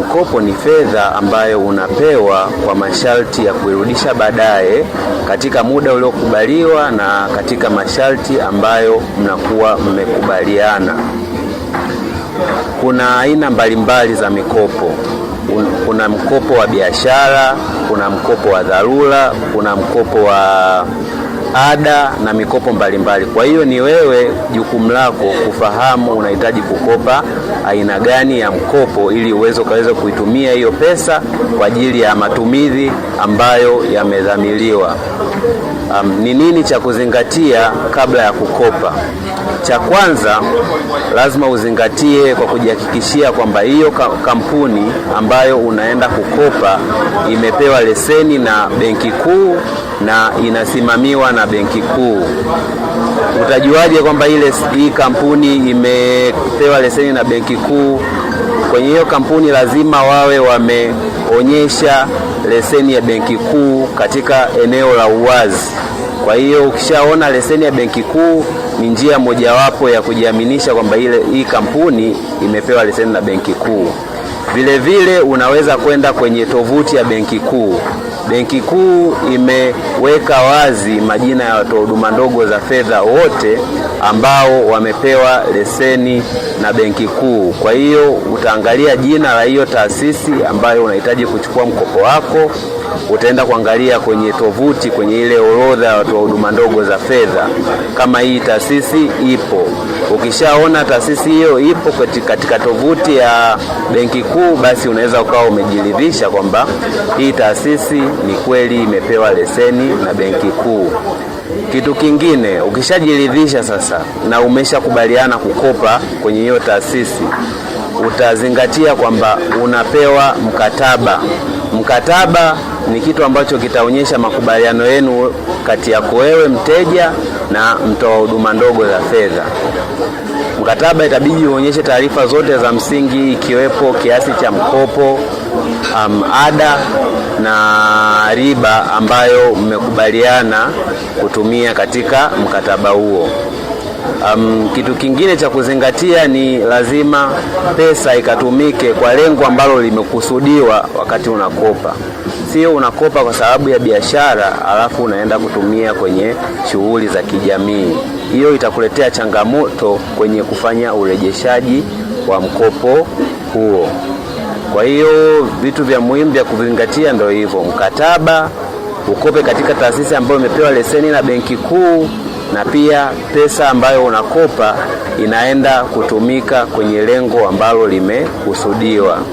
Mkopo ni fedha ambayo unapewa kwa masharti ya kuirudisha baadaye katika muda uliokubaliwa na katika masharti ambayo mnakuwa mmekubaliana. Kuna aina mbalimbali za mikopo. Kuna mkopo wa biashara, kuna mkopo wa dharura, kuna mkopo wa ada na mikopo mbalimbali mbali. Kwa hiyo ni wewe jukumu lako kufahamu unahitaji kukopa aina gani ya mkopo ili uweze ukaweza kuitumia hiyo pesa kwa ajili ya matumizi ambayo yamedhamiliwa. Um, ni nini cha kuzingatia kabla ya kukopa? Cha kwanza lazima uzingatie kwa kujihakikishia kwamba hiyo kampuni ambayo unaenda kukopa imepewa leseni na Benki Kuu na inasimamiwa na Benki Kuu. Utajuaje kwamba hii kampuni imepewa leseni na Benki kikuu Kwenye hiyo kampuni lazima wawe wameonyesha leseni ya benki kuu katika eneo la uwazi. Kwa hiyo ukishaona leseni ya benki kuu ni njia mojawapo ya kujiaminisha kwamba ile hii kampuni imepewa leseni na benki kuu. Vilevile unaweza kwenda kwenye tovuti ya benki kuu. Benki Kuu imeweka wazi majina ya watoa huduma ndogo za fedha wote ambao wamepewa leseni na Benki Kuu. Kwa hiyo utaangalia jina la hiyo taasisi ambayo unahitaji kuchukua mkopo wako, utaenda kuangalia kwenye tovuti, kwenye ile orodha ya watoa huduma ndogo za fedha, kama hii taasisi ipo Ukishaona taasisi hiyo ipo katika, katika tovuti ya benki kuu, basi unaweza ukawa umejiridhisha kwamba hii taasisi ni kweli imepewa leseni na benki kuu. Kitu kingine ukishajiridhisha sasa na umeshakubaliana kukopa kwenye hiyo taasisi, utazingatia kwamba unapewa mkataba. Mkataba ni kitu ambacho kitaonyesha makubaliano yenu kati yako wewe mteja na mtoa huduma ndogo za fedha. Mkataba itabidi uonyeshe taarifa zote za msingi ikiwepo kiasi cha mkopo, um, ada na riba ambayo mmekubaliana kutumia katika mkataba huo. Um, kitu kingine cha kuzingatia ni lazima pesa ikatumike kwa lengo ambalo limekusudiwa wakati unakopa. Sio unakopa kwa sababu ya biashara alafu unaenda kutumia kwenye shughuli za kijamii. Hiyo itakuletea changamoto kwenye kufanya urejeshaji wa mkopo huo. Kwa hiyo vitu vya muhimu vya kuzingatia ndio hivyo: mkataba, ukope katika taasisi ambayo imepewa leseni na Benki Kuu na pia pesa ambayo unakopa inaenda kutumika kwenye lengo ambalo limekusudiwa.